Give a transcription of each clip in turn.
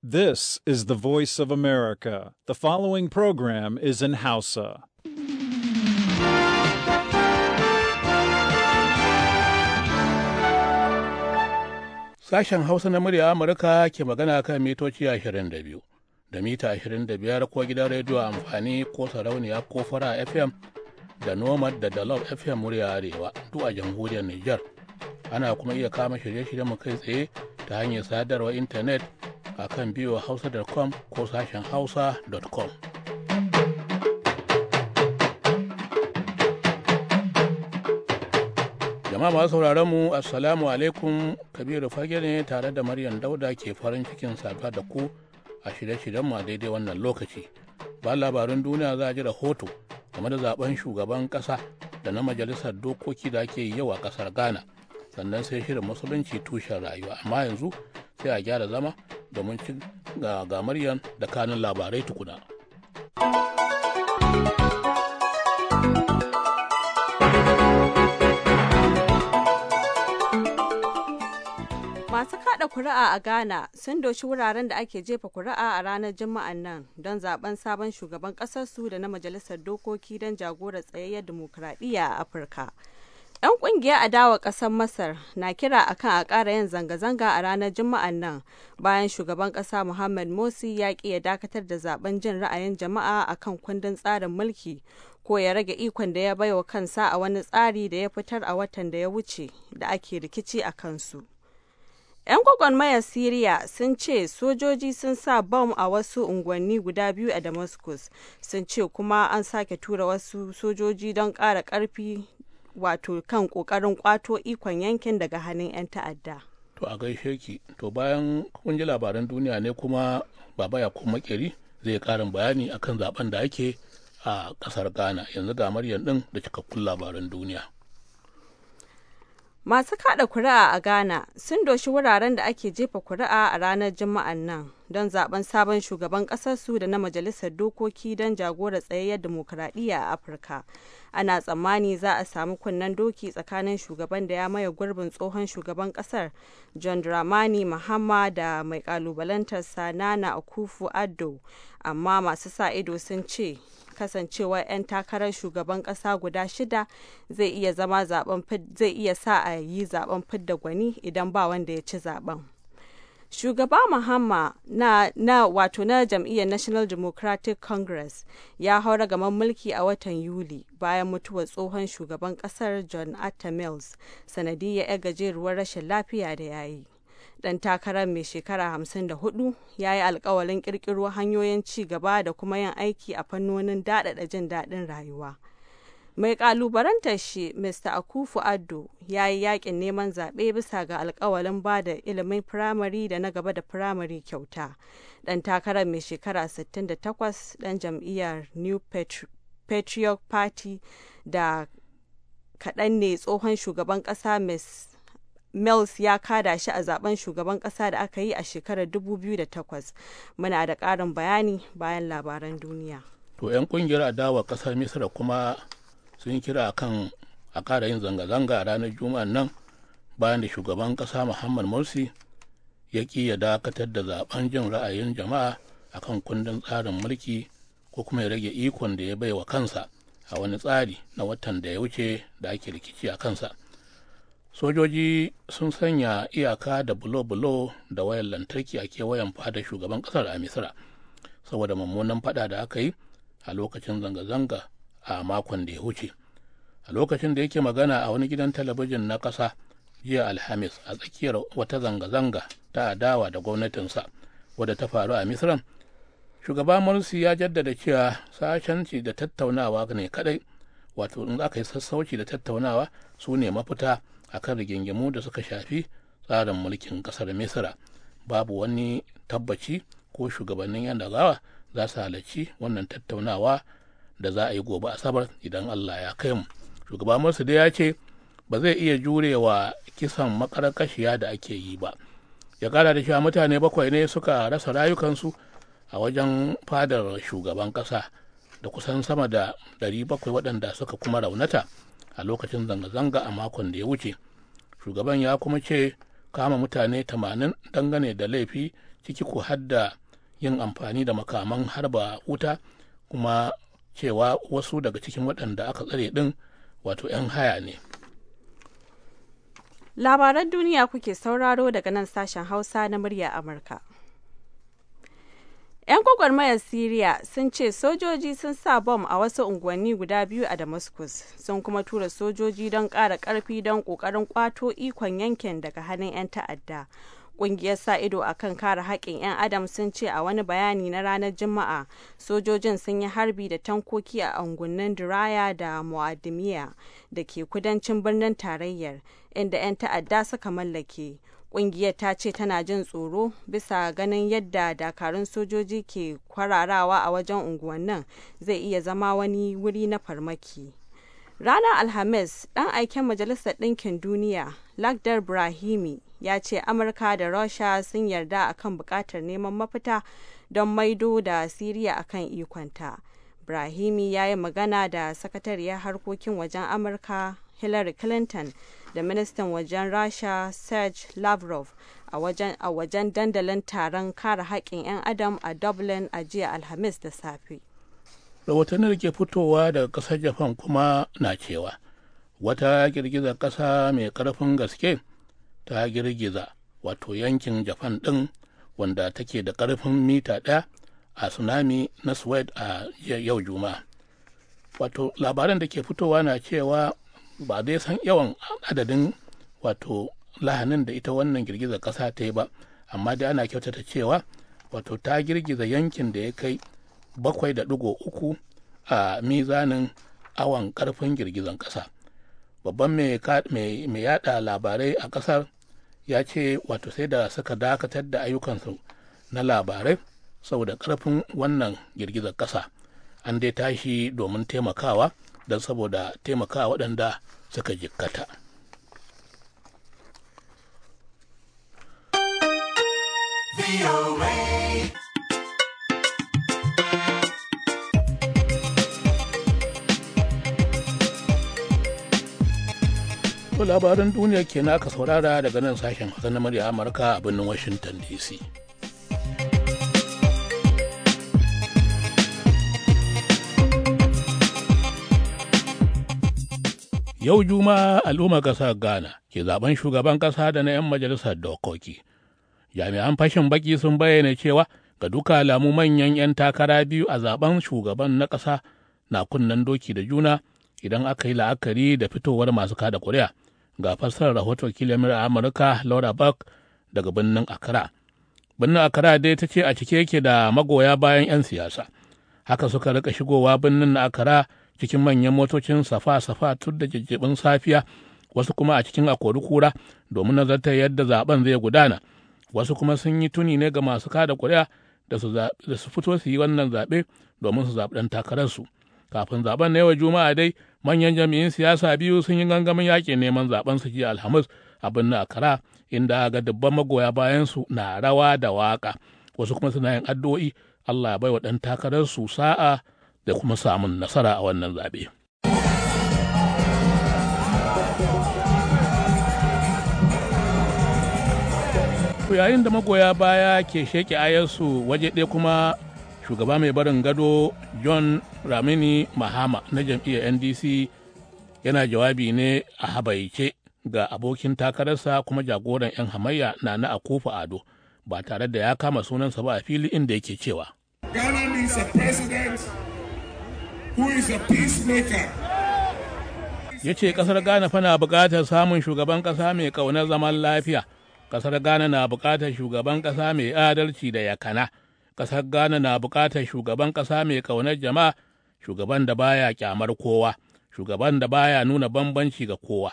This is the voice of America. The following program is in Hausa. Sashen Hausa na murya Amurka ke magana kan mitoci 22 da mita 25 ko gidan rediyo amfani ko sarauniya ko fara FM da Nomad da Dalol FM murya Arewa duk a jamhuriyar Nijar. Ana kuma iya kama shirye-shiryen mu kai tsaye ta hanyar sadarwar intanet a kan hausa.com ko sashen hausa.com. jama'a masu sauraron mu assalamu alaikum kabiru fage ne tare da maryam dauda ke farin cikin safa da ku a shirye-shiryen mu a daidai wannan lokaci ba labarin duniya za a ji rahoto game da zaben shugaban kasa da na majalisar dokoki da ake yi yau a kasar ghana sannan sai shirin musulunci tushen rayuwa amma yanzu sai a gyara zama domin ga Maryam da kanin labarai tukuna. Masu kada kuri'a a Ghana sun doshi wuraren da ake jefa kuri'a a ranar Juma'an nan don zaben sabon shugaban kasarsu da na Majalisar Dokoki don jagorar tsayayyar dimokuraɗiyya a Afirka. 'Yan a adawa ƙasar Masar na kira akan a ƙara yin zanga-zanga a ranar Juma'ar nan bayan shugaban ƙasa Muhammad Morsi ya ƙi ya dakatar da zaben jin ra'ayin jama'a akan kundin tsarin mulki ko ya rage ikon da ya baiwa kansa a wani tsari da ya fitar a watan da ya wuce da ake rikici a kansu. 'Yan gwagwarmayar Siriya sun ce sojoji sun sa bom a wasu unguwanni guda biyu a Damascus, sun ce kuma an sake tura wasu sojoji don ƙara ƙarfi wato kan kokarin kwato ikon yankin daga hannun 'yan ta'adda. To a gaishe ki, to bayan kun ji labaran duniya ne kuma baba ya kuma makeri zai karin bayani akan zaben da ake a kasar Ghana yanzu ga Maryam din da cikakkun labaran duniya. Masu kada kuri'a a Ghana sun doshi wuraren da ake jefa kuri'a a ranar Juma'an nan don zaben sabon shugaban su da na majalisar dokoki don jagora tsayayyar demokuraɗiyya a afirka ana tsammani za a samu kunnen doki tsakanin shugaban da ya maye gurbin tsohon shugaban kasar john dramani mahama da mai kalubalantarsa nana akufu addo amma masu sa ido sun ce kasancewar 'yan takarar shugaban kasa guda shida zai iya sa a yi zaben fidda gwani idan ba wanda ya ci zaben. shugaba Mahama na, na wato na jam'iyyar National Democratic Congress ya haura gaban mulki a watan Yuli bayan mutuwar tsohon shugaban kasar John Atta Mills sanadiyar 'yar gajeruwar rashin lafiya da ya yi. Dan takarar mai shekara 54 ya yi alkawalin kirkiro hanyoyin ci gaba da kuma yin aiki a fannonin daɗaɗa jin daɗin rayuwa. Mai kalubarantar shi, Mr. akufu addo ya yi yakin neman zaɓe bisa ga alkawalin ba da ilimin firamare da na gaba da firamare kyauta. Ɗan takarar mai shekara 68 ɗan jam'iyyar New Patriot Party da kaɗan ne tsohon shugaban ƙasa Ms. Mills ya kada shi a zaben shugaban ƙasa da aka yi a shekarar 2008. Muna da ƙarin bayani bayan labaran duniya. To 'yan ƙungiyar adawa ƙasar misira kuma sun yi kira akan a ƙara yin zanga-zanga a ranar juma'an nan bayan da shugaban ƙasa muhammad morsi ya ƙi ya dakatar da zaben jin ra'ayin jama'a a kan kundin tsarin mulki ko kuma ya rage ikon da ya bai wa kansa a wani tsari na watan da ya wuce da ake rikici a kansa sojoji sun sanya iyaka da bulo-bulo da wayan lantarki a kewayen fadar shugaban kasar a misira saboda mummunan fada da aka yi a lokacin zanga-zanga a makon da ya wuce a lokacin da yake magana a wani gidan talabijin na ƙasa jiya alhamis a tsakiyar wata zanga-zanga ta adawa da gwamnatinsa wadda ta faru a misran shugaba morsi ya jaddada cewa sashenci da tattaunawa ne kadai wato in aka yi sassauci da tattaunawa su ne mafita a kan rigingimu da suka shafi tsarin mulkin kasar misra babu wani tabbaci ko shugabannin yan za su halarci wannan tattaunawa da za a yi gobe asabar idan allah ya kai mu shugaba musu da ya ce ba zai iya jurewa kisan makarkashiya da ake yi ba ya kara da cewa mutane bakwai ne suka rasa rayukansu a wajen fadar shugaban kasa da kusan sama da 700 waɗanda suka kuma raunata a lokacin zanga-zanga a makon da ya wuce shugaban ya kuma ce kama mutane 80 dangane da laifi ciki ku hadda yin amfani da makaman harba wuta kuma cewa wasu daga cikin waɗanda aka tsare ɗin wato 'yan haya ne labaran duniya kuke sauraro daga nan sashen hausa na murya amurka 'yan gwagwarmayar siriya sun ce sojoji sun sa bom a wasu unguwanni guda biyu a damascus sun kuma tura sojoji don ƙara ƙarfi don ƙoƙarin kwato ikon yankin daga hannun 'yan ta'adda Ƙungiyar sa ido akan kare haƙƙin 'yan Adam sun ce a wani bayani na ranar Juma'a, sojojin sun yi harbi da tankoki a unguwannin Diraya da Mu'adamiya da ke kudancin birnin tarayyar, inda 'yan ta'adda suka mallake. Ƙungiyar ta ce tana jin tsoro bisa ganin yadda dakarun sojoji ke kwararawa a wajen unguwannin zai iya zama wani wuri na farmaki. Ranar Alhamis, ɗan aiken Majalisar Ɗinkin Duniya, Lagdar Brahimi, ya ce amurka da russia sun yarda akan bukatar neman mafita don maido da siriya akan ikonta brahimi ya yi magana da sakatariyar harkokin wajen amurka hillary clinton da ministan wajen russia serge lavrov a wajen dandalin taron kare haƙƙin 'yan adam a dublin a jiya alhamis da safe rahotanni da ke fitowa daga ƙasar japan kuma na cewa wata girgizar ƙasa mai ƙarfin gaske ta girgiza wato yankin japan ɗin wanda take da ƙarfin mita ɗaya a tsunami na suwed a yau juma'a wato labaran da ke fitowa na cewa ba zai san yawan adadin wato lahanin da ita wannan girgiza ƙasa ta yi ba amma dai ana kyautata cewa wato ta girgiza yankin da ya kai bakwai da ɗigo uku a mizanin awon ƙarfin girgizan ƙasa babban mai yada labarai a ƙasar ya ce wato sai da suka dakatar da ayyukansu na labarai saboda ƙarfin wannan girgizar ƙasa an dai tashi domin taimakawa don saboda taimakawa waɗanda suka jikkata. To labaran duniya ke ka saurara daga nan sashen hasan na murya Amurka a birnin Washington DC. Yau Juma'a al'ummar ƙasar Ghana ke zaben shugaban ƙasa da na 'yan majalisar dokoki. Jami'an fashin baki sun bayyana cewa ga duka alamu manyan 'yan takara biyu a zaben shugaban na ƙasa na kunnen doki da juna idan aka yi la'akari da fitowar masu kada ƙuri'a ga fassarar rahoton kilimin amurka laura buck daga birnin accra birnin accra dai ta ce a cike yake da magoya bayan 'yan siyasa haka suka rika shigowa birnin na cikin manyan motocin safa-safa tun da jijjibin safiya wasu kuma a cikin akori kura domin nazartar yadda zaben zai gudana wasu kuma sun yi tuni ne ga masu kada kuri'a da su fito su yi wannan zaɓe domin su zaɓi ɗan takararsu Kafin zaben na yau Juma'a dai, manyan jami'in siyasa biyu sun yi gangamin yakin neman zaben su jiya Alhamis a birnin akara inda ga dubban magoya bayan su na rawa da waka. Wasu kuma suna yin addu'o'i Allah ya bai wa ɗan takarar su sa'a da kuma samun nasara a wannan zaɓe. yayin da magoya baya ke sheke ayarsu waje ɗaya kuma shugaba mai barin gado john ramini mahama na jam'iyyar ndc yana jawabi ne a habaice ga abokin takararsa kuma jagoran 'yan hamayya na na akufa ado ba tare da ya kama sunansa ba a fili inda yake cewa Ghana a president who is a peacemaker. Ya ce ƙasar Ghana fana na buƙatar samun shugaban ƙasa mai ƙaunar zaman lafiya. Ƙasar Ghana na bukatar shugaban ƙasa mai adalci da yakana. ƙasar Ghana na buƙatar shugaban ƙasa mai ƙaunar jama'a, shugaban da baya ƙyamar kowa, shugaban da baya nuna bambanci ga kowa.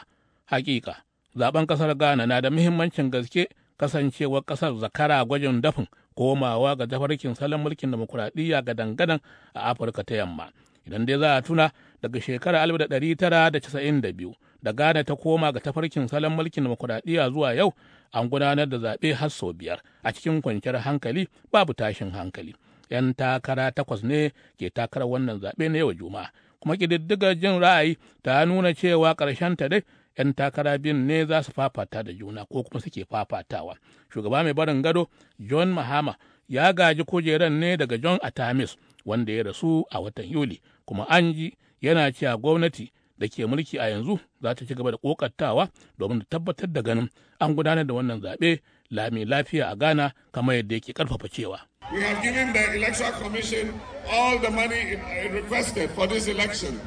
Hakika, zaben ƙasar Ghana na da muhimmancin gaske kasancewar ƙasar zakara gwajin dafin komawa ga tafarkin salon mulkin demokuraɗiyya ga dangadan a Afirka ta yamma. Idan dai za a tuna daga shekarar 1992 da Ghana ta koma ga tafarkin salon mulkin demokuraɗiyya zuwa yau an gudanar da zaɓe har sau biyar a cikin kwanciyar hankali babu tashin hankali 'yan takara takwas ne ke takarar wannan zaɓe na yau juma'a kuma ƙididdigar jin ra'ayi ta nuna cewa ƙarshen ta dai 'yan takara biyun ne za su fafata da juna ko kuma suke fafatawa shugaba mai barin gado john mahama ya gaji kujeran ne daga john atamis wanda ya rasu a watan yuli kuma an ji yana cewa gwamnati da ke mulki a yanzu za ta ci gaba da kokattawa domin da tabbatar da ganin an gudanar da wannan zaɓe lami lafiya a ghana kamar yadda yake karfafa cewa We have given the Electoral Commission all the money it requested for this election.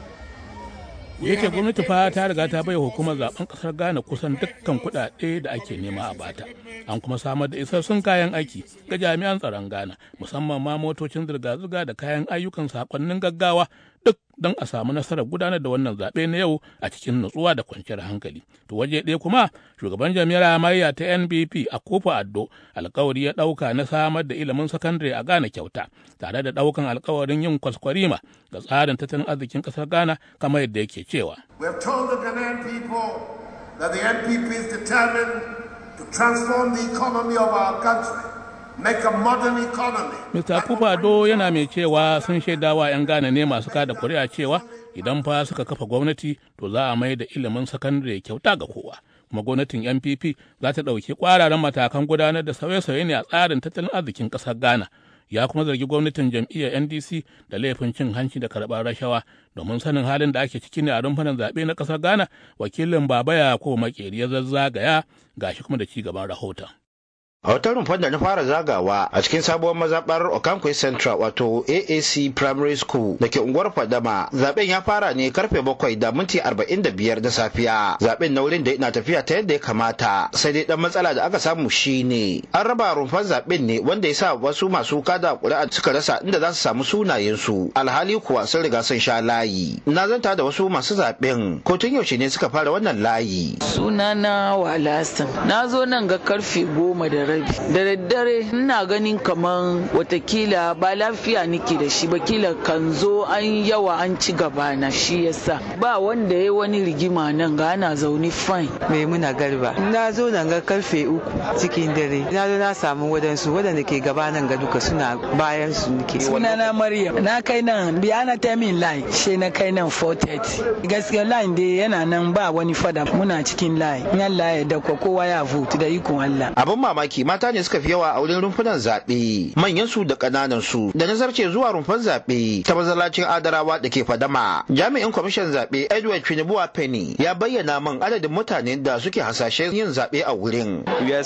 yake gwamnati fa ta riga ta bai hukumar zaben kasar ghana kusan dukkan kuɗaɗe da ake nema a bata an kuma samar da isassun kayan aiki ga jami'an tsaron ghana musamman ma motocin zirga-zirga da kayan ayyukan sakonnin gaggawa duk don a samu nasarar gudanar da wannan zaɓe na yau a cikin nutsuwa da kwanciyar hankali. To waje ɗaya kuma shugaban jami'ar amarya ta NBP a kofa addo alkawari ya ɗauka na samar da ilimin sakandare a Ghana kyauta tare da ɗaukan alkawarin yin kwaskwarima ga tsarin tattalin arzikin ƙasar Ghana kamar yadda yake cewa. We have told the Ghanaian people that the NPP is determined to transform the economy of our country. mista kufa do yana mai cewa sun shaidawa 'yan Ghana ne masu kada kuri'a cewa idan fa suka kafa gwamnati to za a mai da ilimin sakandare kyauta ga kowa. Kuma gwamnatin NPP za ta ɗauki ƙwararren matakan gudanar da sauye-sauye ne a tsarin tattalin arzikin ƙasar Ghana. Ya kuma zargi gwamnatin jam'iyyar NDC da laifin cin hanci da karɓar rashawa domin sanin halin da ake ciki ne a rumfunan zaɓe na ƙasar Ghana wakilin Babaya ko Makeri ya zazzagaya gashi kuma da ci gaban rahoton. a wata rumfar da na fara zagawa a cikin sabuwar mazabar Okankwe central wato aac primary school da ke unguwar fadama zaben ya fara ne karfe bakwai da minti arba'in da biyar da safiya zaben na wurin da na tafiya ta yadda ya kamata sai dai dan matsala da aka samu shine an raba rumfar zaben ne wanda ya sa wasu masu kada kuri'a suka rasa inda za su samu sunayen su alhali kuwa sun riga sun sha layi na zanta da wasu masu zaben ko tun yaushe ne suka fara wannan layi sunana walasin na zo nan ga karfe goma da rabi da daddare ina ganin kaman watakila ba lafiya nake da shi ba kila kan zo an yawa an ci gaba na shi yasa ba wanda ya wani rigima nan ga ana zaune fine mai muna garba na zo nan ga karfe uku cikin dare na zo na samu wadansu wadanda ke gaba nan ga duka suna bayan su nake suna na maryam na kai nan biyana ta min line she na kai nan 430 gaskiya line dai yana nan ba wani fada muna cikin line in Allah ya dakwa kowa ya vote da ikon Allah Abun mamaki aiki mata ne suka fi yawa a wurin rumfunan zaɓe manyan su da ƙananan su da nazarce zuwa rumfan zaɓe ta mazalacin adarawa da ke fadama jami'in kwamishin zaɓe Edward Finibuwa Penny ya bayyana man adadin mutane da suke hasashen yin zaɓe a wurin. We are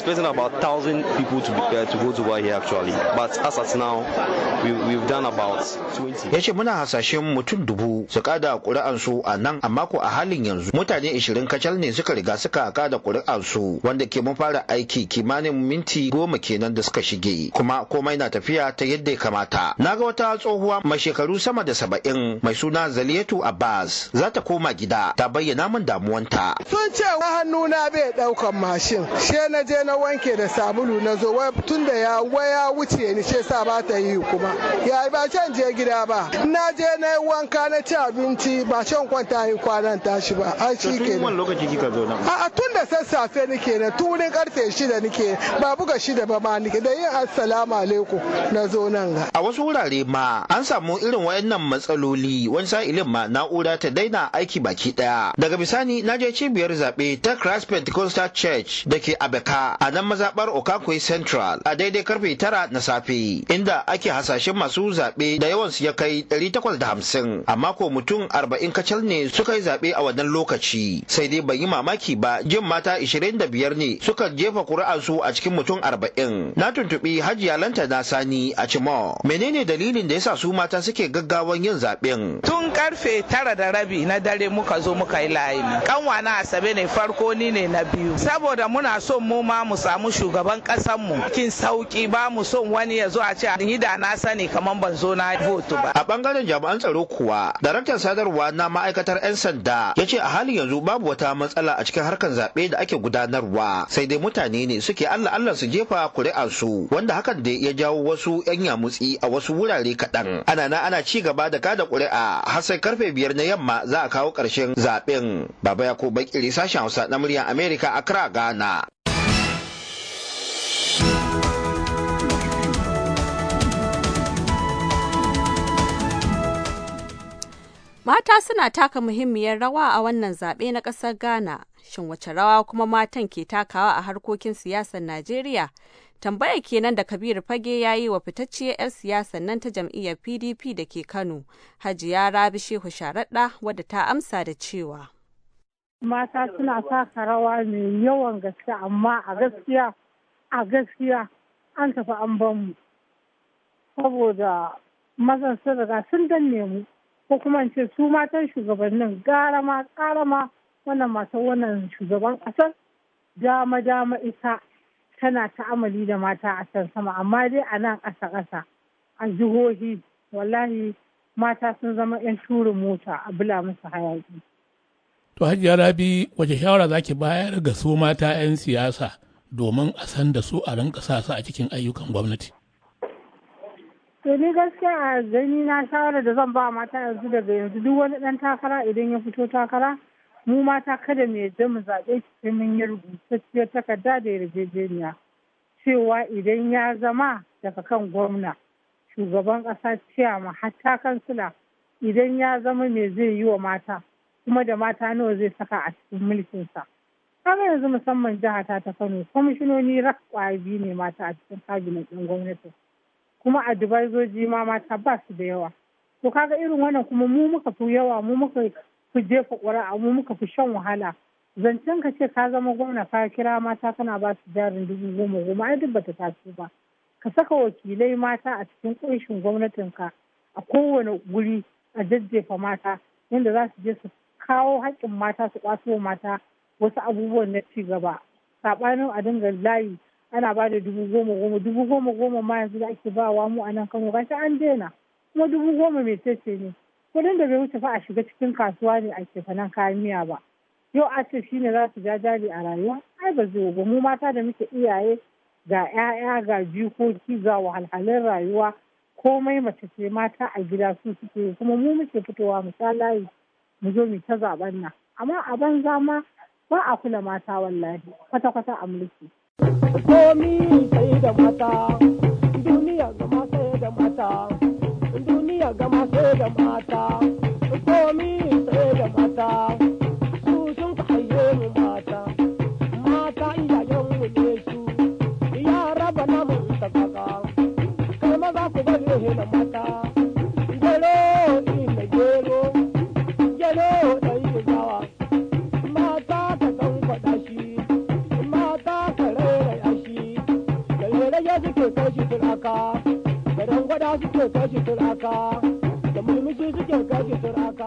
Ya ce muna hasashen mutum dubu su kada su a nan amma ko a halin yanzu mutane 20 kacal ne suka riga suka kada su wanda ke mun fara aiki kimanin minti goma kenan da suka shige kuma komai na tafiya ta yadda ya kamata na ga wata tsohuwa mai shekaru sama da saba'in mai suna zaliyatu abbas za ta koma gida ta bayyana min damuwanta sun ce wa hannu na bai daukan mashin she na je na wanke da sabulu na zo tun da ya waya wuce ni she sa ba ta yi kuma ya ba can je gida ba na je na yi wanka na ci abinci ba can kwanta yi kwanan tashi ba ai shi ke a tun da sassafe nake na tun karfe shida nake ba buga shida ba da yin assalamu alaikum na zo nan ga. A wasu wurare ma an samu irin wayannan matsaloli wani sa sa'ilin ma na'ura ta daina aiki baki daya. Daga bisani na je cibiyar zaɓe ta Christ Pentecostal Church da ke Abeka a nan mazaɓar Okakwe Central a daidai karfe tara na safe inda ake hasashen masu zaɓe da yawan su ya kai 850 amma ko mutum 40 kacal ne suka yi zaɓe a wannan lokaci sai dai ban yi mamaki ba jin mata 25 ne suka jefa su a cikin mutum arba'in. Na tuntuɓi Hajiya Lanta na Sani a Cimo. Menene dalilin da yasa su mata suke gaggawan yin zaɓen? Tun karfe tara da rabi na dare muka zo muka yi layi. Kanwa na Asabe ne farko ni ne na biyu. Saboda muna son mu ma mu samu shugaban mu, Kin sauki ba mu son wani ya zo a ce ni da na sani kamar ban zo na vote ba. A bangaren jami'an tsaro kuwa, daraktan sadarwa na ma'aikatar 'yan sanda ya ce a halin yanzu babu wata matsala a cikin harkar zaɓe da ake gudanarwa sai dai mutane ne suke Allah Allah dole su jefa kuri'ar su wanda hakan da ya jawo wasu yan yamutsi a wasu wurare kaɗan mm. ana na ana ci gaba da kada kuri'a har sai karfe biyar na yamma za a kawo ƙarshen zaɓen baba ya ko bakiri sashen hausa na muryar amerika accra ghana Mata suna taka muhimmiyar rawa a wannan zaɓe na ƙasar Ghana, shin wace rawa kuma matan ke takawa a harkokin siyasar Najeriya? Tambaya kenan da kabir Fage ya yi wa fitacciyar 'yar siyasar nan ta jam'iyyar PDP da ke Kano, Hajiya Rabi Shehu Sharaɗa wadda ta amsa da cewa. Mata suna taka rawa mai yawan gaske amma a gaskiya a gaskiya an tafi an ban mu Saboda mazan sun sun danne mu ko kuma ce su matan shugabannin ƙarama ƙarama. wannan masu wannan shugaban ƙasar dama dama ita tana ta'amali da mata a can sama amma dai a nan ƙasa ƙasa a jihohi wallahi mata sun zama 'yan shurin mota a bula musu hayaki. To Hajiya Rabi wace shawara zaki ki bayar ga su mata 'yan siyasa domin a san da su a rinka sa su a cikin ayyukan gwamnati? To ni gaskiya a gani na shawara da zan ba mata yanzu daga yanzu duk wani ɗan takara idan ya fito takara mu mata kada mu yadda mu zaɓe shi sai mun yi rubutacciyar takarda da yarjejeniya cewa idan ya zama daga kan gwamna shugaban ƙasa ma hatta kansila idan ya zama me zai yi wa mata kuma da mata nawa zai saka a cikin mulkinsa kaga yanzu musamman jihata ta kano kwamishinoni rak biyu ne mata a cikin kabinet ɗin gwamnati kuma advisoji ma mata ba su da yawa to kaga irin wannan kuma mu muka fi yawa mu muka ku jefa ƙuri'a mu muka fi shan wahala zancen ka ce ka zama gwamna ka kira mata kana ba su jarin dubu goma goma ai duk bata taso ba ka saka wakilai mata a cikin ƙunshin gwamnatinka a kowane guri a jajjefa mata yadda za su je su kawo haƙƙin mata su ƙwato mata wasu abubuwan na ci gaba saɓanin a dinga layi ana ba da dubu goma goma dubu goma goma ma yanzu da ake bawa wa mu a nan kano gashi an daina kuma dubu goma mai ce ne kudin da bai wuce fa a shiga cikin kasuwa ne a kefanan kayan miya ba yau a ce shine za su ja jari a rayuwa ai ba zai ba mu mata da muke iyaye ga 'ya'ya ga jikoki ga wahalhalun rayuwa komai mace ce mata a gida su suke kuma mu muke fitowa mu layi mu zo mu ta zaben nan amma a banza ma ba a kula mata wallahi kwata-kwata a mulki. Komi sai da mata, duniya ga mata da mata. na gama sai da mata komi sai da mata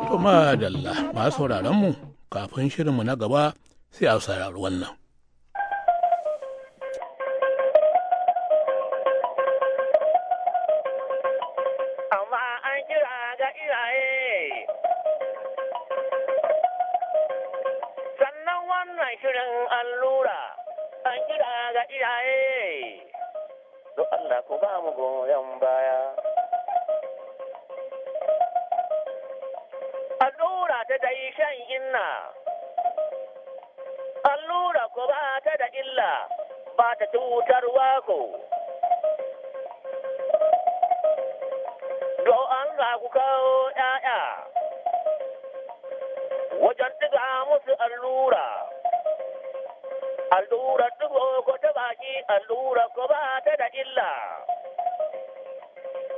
kuma da Allah suke masu sauraron mu kafin shirinmu na gaba sai a saurari wannan.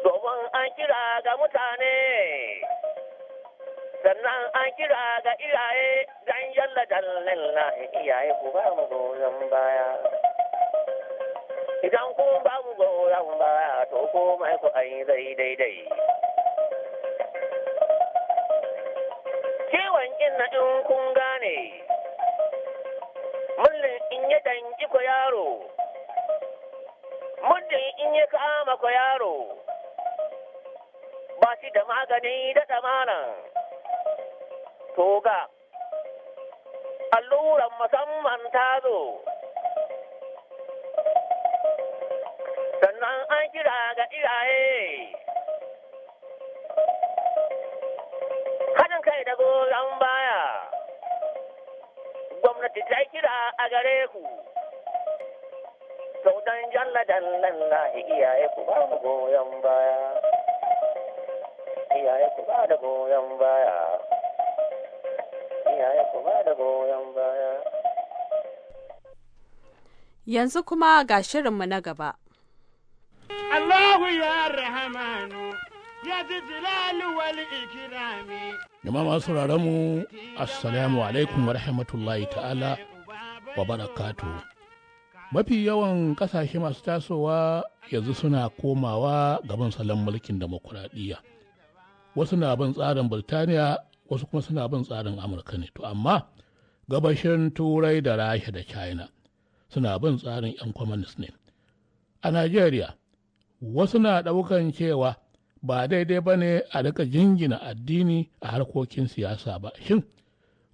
domin an kira ga mutane sannan an kira ga iyaye don yalla dallin lahi iyaye ku ba mu goyon baya idan ku ba mu goyon baya to ko mai ku an yi daidai dai ciwon inna in kun gane mulli in yi danji ko yaro muddin in yi kama ko yaro shi da magani da To Toga, alluran musamman ta zo, sannan an kira ga iyaye. Haɗin kai da goron baya, gwamnati ta kira a gare ku. Sau don jalla na lahi iyaye ku ba mu goyon baya. iyaye ku ba da goyon baya ku ba da goyon baya yanzu kuma ga shirinmu na gaba Allahu ya rahamanu ya ji jilalu wal ikirami Jama'a masu mu Assalamu alaikum wa rahmatullahi ta'ala wa barakatu. Mafi yawan kasashe masu tasowa yanzu suna komawa gaban salon mulkin demokuraɗiyya. wasu na bin tsarin birtaniya wasu kuma suna bin tsarin amurka ne to amma gabashin turai da rasha da china suna bin tsarin 'yan kwamanis ne a najeriya wasu na ɗaukan cewa ba daidai ba ne a daga jingina addini a harkokin siyasa ba shin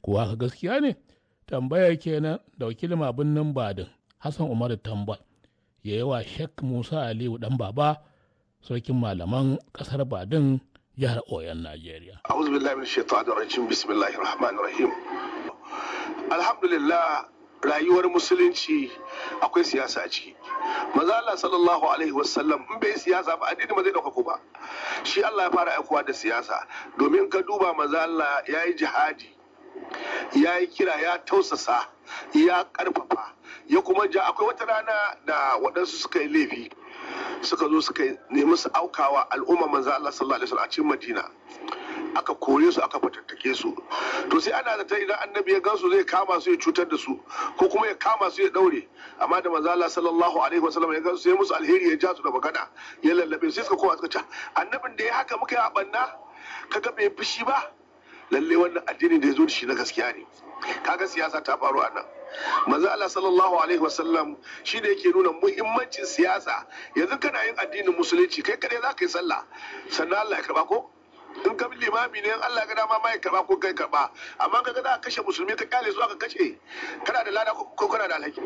kuwa ka gaskiya ne tambaya kenan da wakilin binnin badin hassan Umar tambal ya yi wa shek musa aliyu dan baba sarkin malaman Kasar badin Yar Oyon Najeriya. A'udhu billahi minash shaitanir rajim bismillahir rahmanir rahim. Alhamdulillah rayuwar musulunci akwai siyasa a ciki. Maza Allah sallallahu alaihi wasallam in bai siyasa ba addini ma zai ɗaukaku ba. Shi Allah ya fara aikowa da siyasa domin ka duba maza Allah ya yi jihadi ya yi kira ya tausasa ya karfafa ya kuma ja akwai wata rana da waɗansu suka yi laifi suka zo suka nemi su aukawa al'umma manzo Allah sallallahu alaihi wasallam a cikin Madina aka kore su aka fatattake su to sai ana da ta idan annabi ya gansu zai kama su ya cutar da su ko kuma ya kama su ya daure amma da manzo Allah sallallahu alaihi wasallam ya gansu sai musu alheri ya ja su da magana ya lallabe sai suka kowa suka ce annabin da ya haka muka yi a banna kaga bai fushi ba lalle wannan addini da ya zo da shi na gaskiya ne kaga siyasa ta faru a nan manzo Allah sallallahu alaihi wasallam shi ne yake nuna muhimmancin siyasa yanzu kana yin addinin musulunci kai kadai za ka yi sallah sannan Allah ya karba ko in ka limami ne Allah ga dama ya karba ko kai karba amma ka ga kashe musulmi ka kyale zuwa ka kashe kana da lada ko kana da alhaki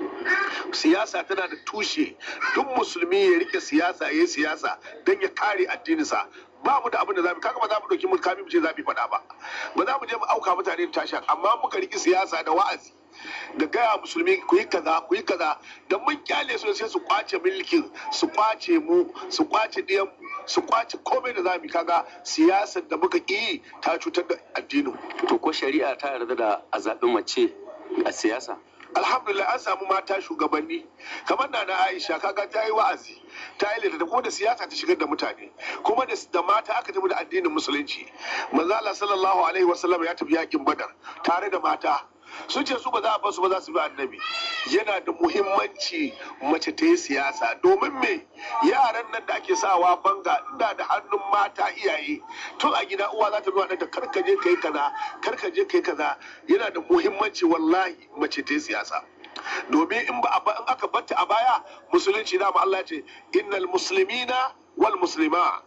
siyasa tana da tushe duk musulmi ya rike siyasa ya yi siyasa don ya kare addininsa ba mu da abin da zabi kaga ba za mu dauki mun kami mu ce zabi faɗa ba ba za mu je mu auka mutane da amma muka rike siyasa da wa'azi da gaya musulmi ku yi kaza ku yi kaza da mun kyale su sai su kwace mulkin su kwace mu su kwace diyan su kwace komai da zamu kaga siyasar da muka ki ta cutar da addinin to ko shari'a ta yarda da a mace a siyasa alhamdulillah an samu mata shugabanni kamar na na aisha kaga ta yi wa'azi ta yi da kuma da siyasa ta shigar da mutane kuma da mata aka tafi da addinin musulunci manzo Allah sallallahu alaihi wasallam ya tafi yakin badar tare da mata sun ce su ba za a basu ba za su bi annabi yana da muhimmanci mace ta yi siyasa domin me yaran nan da ake sawa banga da da hannun mata iyaye tun a gida uwa za ta nuna ɗanta karkaje kai kaza karkaje kai kaza yana da muhimmanci wallahi mace ta yi siyasa domin in ba in aka batta a baya musulunci da Allah ce innal muslimina wal muslima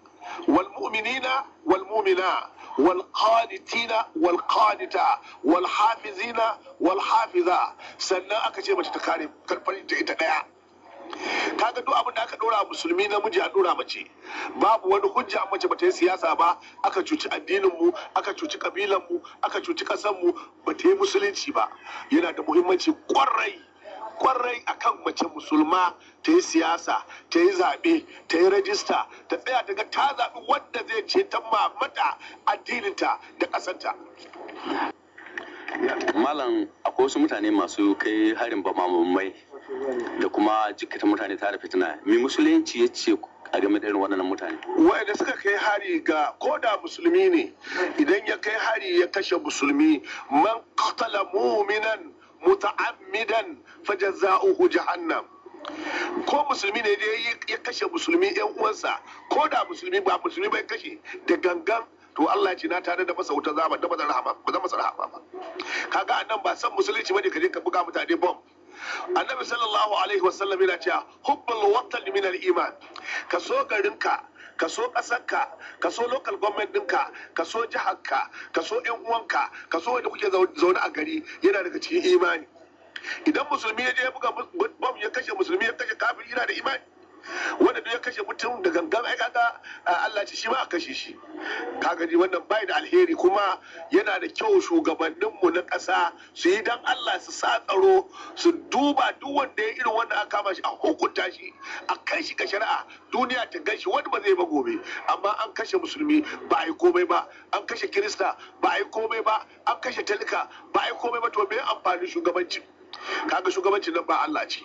wal mu'minina wal mu'mina walqaditina walqadita walhafizina walhafiza sannan aka ce mace ta kare karfar ta ita daya kaga duk abin da aka dora musulmi namiji a dora mace babu wani hujja mace bata yi siyasa ba aka cuci addinin mu aka cuci kabilan mu aka cuci kasan mu bata yi musulunci ba yana da muhimmanci kwarai kwarai akan mace musulma ta yi siyasa ta yi zaɓe ta yi rajista ta tsaya daga ta zaɓi wanda zai ce ta mamata addininta da ƙasarta malam akwai wasu mutane masu kai harin ba mai da kuma jikata mutane tare fitina mai musulunci ya ce a game da irin waɗannan mutane. da suka kai hari ga koda musulmi ne idan ya kai hari ya kashe musulmi man qatala mu'minan muta'ammidan fajaza'uhu jahannam ko musulmi ne ya kashe musulmi yan uwansa ko da musulmi ba musulmi ba ya kashe da gangan to Allah ce na tare da masa wuta zaba da ba rahama ba zan masa rahama ba kaga annan ba san musulunci bane ka je ka buga mutane bomb annabi sallallahu alaihi wasallam yana cewa hubbul watal min al-iman ka so garinka ka so ƙasarka ka so local government ɗinka ka so jiharka ka so yan uwanka ka so wanda kuke zaune a gari yana daga cikin imani idan musulmi ya je ya buga bom ya kashe musulmi ya kashe kafin yana da imani wanda duk ya kashe mutum da gangan ai kaga Allah ce shi ma a kashe shi Ka gani wannan bai da alheri kuma yana da kyau shugabannin mu na ƙasa su yi dan Allah su sa tsaro su duba duk wanda ya irin wanda aka kama shi a hukunta shi a kai shi ga shari'a duniya ta gan shi wanda ba zai ba gobe amma an kashe musulmi ba ai komai ba an kashe kirista ba ai komai ba an kashe talika ba ai komai ba to me amfani shugabanci kaga shugabancin nan ba Allah ce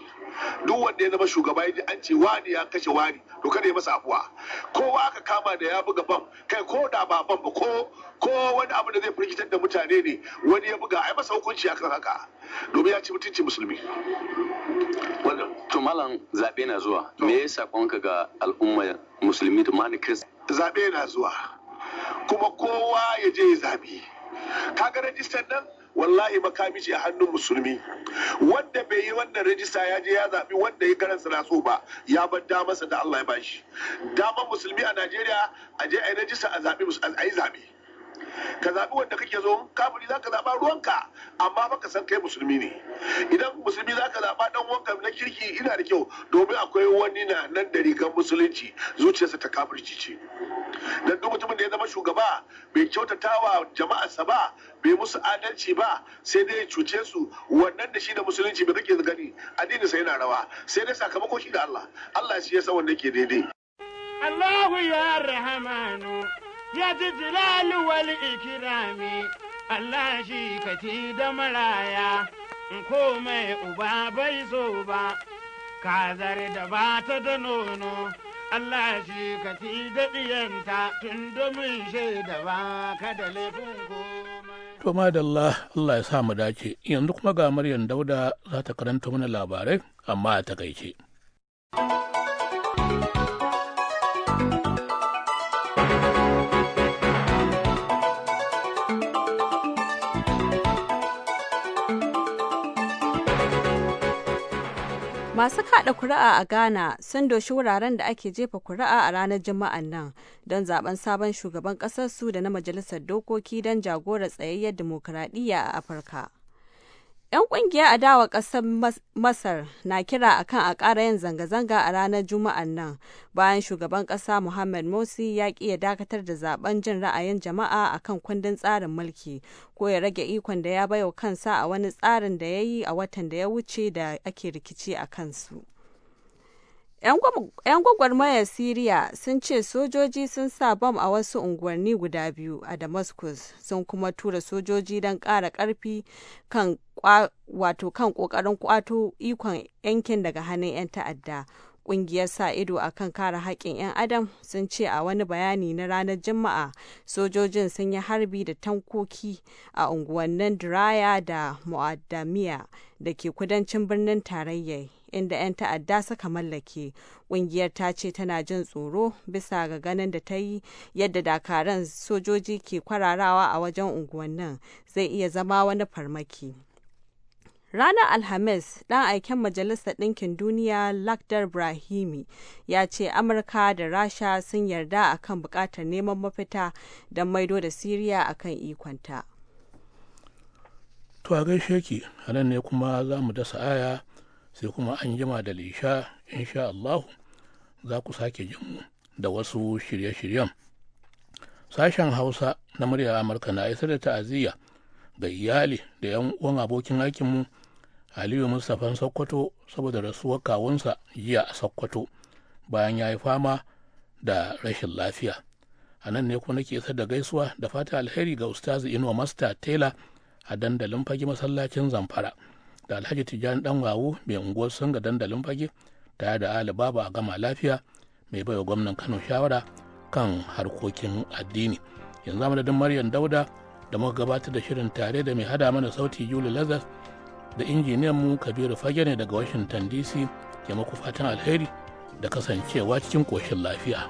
duk wanda ya zama shugaba ya an ce wani ya kashe wani to kada ya masa afuwa kowa aka kama da ya buga bam kai ko da ba bam ba ko ko wani abu da zai firgitar da mutane ne wani ya buga ai masa hukunci akan haka domin ya ci mutunci musulmi wannan to malam zabe na zuwa me ya ka ga al'umma musulmi da mani kirista zabe na zuwa kuma kowa ya je ya zabi kaga rajistan nan wallahi makami ce a hannun musulmi wanda bai yi wannan rajista ya je ya zaɓi wanda ya karanta na so ba ya bar damarsa da Allah ya bashi damar musulmi a Najeriya a je a yi rajista a zaɓi a yi zaɓe ka zaɓi wanda kake zo kafiri za ka zaɓa ruwanka amma baka san kai musulmi ne idan musulmi za ka zaɓa ɗan wanka na kirki ina da kyau domin akwai wani na nan da rigar musulunci zuciyarsa ta kafirci ce dan duk mutumin da ya zama shugaba bai kyautata wa jama'arsa ba bai musu adalci ba sai dai cuce su wannan da shi da musulunci bai kake gani addini sai yana rawa sai dai sakamako shi da Allah Allah shi ya san wanda yake daidai Allahu ya rahamanu ya ji jilal ikirami Allah shi kaci da maraya in komai uba bai so ba kazar da ba ta da nono Allah shi kaci da ɗiyanta tun domin shaida ba ka da laifin komai. To madalla Allah ya sa mu dace yanzu kuma ga Maryam Dauda za ta karanta mana labarai amma a takaice. Masu kada kuri'a a Ghana sun doshi wuraren da ake jefa kuri'a a ranar Juma'an nan don zaben sabon shugaban kasarsu da na majalisar dokoki don jagorar tsayayyar dimokuraɗiyya a Afirka. 'Yan ƙungiyar adawa ƙasar Masar na kira akan a ƙara yin zanga-zanga a ranar Juma'ar nan bayan shugaban ƙasa Muhammad Morsi ya ƙi ya dakatar da zaben jin ra'ayin jama'a akan kundin tsarin mulki ko ya rage ikon da ya bayo kansa a wani tsarin da ya yi a watan da ya wuce da ake rikici a kansu. 'Yan gwagwarmayar Siriya sun ce sojoji sun sa bam a wasu unguwanni guda biyu a Damascus sun kuma tura sojoji don ƙara ƙarfi kan kokarin kwato ikon yankin daga hannun 'yan ta'adda. Ƙungiyar sa ido a kan kare haƙƙin 'yan adam sun ce a wani bayani na ranar Juma'a sojojin sun yi harbi da tankoki a unguwannin Diraya da Mu'addamiya da ke kudancin birnin tarayya inda 'yan ta'adda suka mallake. Ƙungiyar ta ce tana jin tsoro bisa ga ganin da ta yi yadda dakaran sojoji ke kwararawa a wajen unguwannin zai iya zama wani farmaki. Ranar Alhamis, ɗan aiken Majalisar Ɗinkin Duniya lakdar Brahimi ya ce Amurka da Rasha sun yarda a kan buƙatar neman mafita don maido da Siriya a kan ikonta. To a gaishe ki, nan ne kuma za mu dasa aya sai kuma an jima da lisha insha Allahu za ku sake jin da wasu shirye-shiryen. Sashen Hausa na murya Amurka na isar da ta'aziyya ga iyali da 'yan uwan abokin aikinmu mu aliyu mustapha sokoto saboda rasuwar kawunsa jiya a sokoto bayan ya yi fama da rashin lafiya a nan ne kuma nake isar da gaisuwa da fata alheri ga ustazu inuwa masta tela a dandalin fage masallacin zamfara da alhaji tijjani dan wawu mai unguwar sun ga dandalin fage tare da ali baba a gama lafiya mai baiwa gwamnan kano shawara kan harkokin addini yanzu amadadin maryam dauda da muka gabatar da shirin tare da mai hada mana sauti yuli lazar da injiniyan mu kabiru fage ne daga washington dc ke muku fatan alheri da kasancewa cikin koshin lafiya.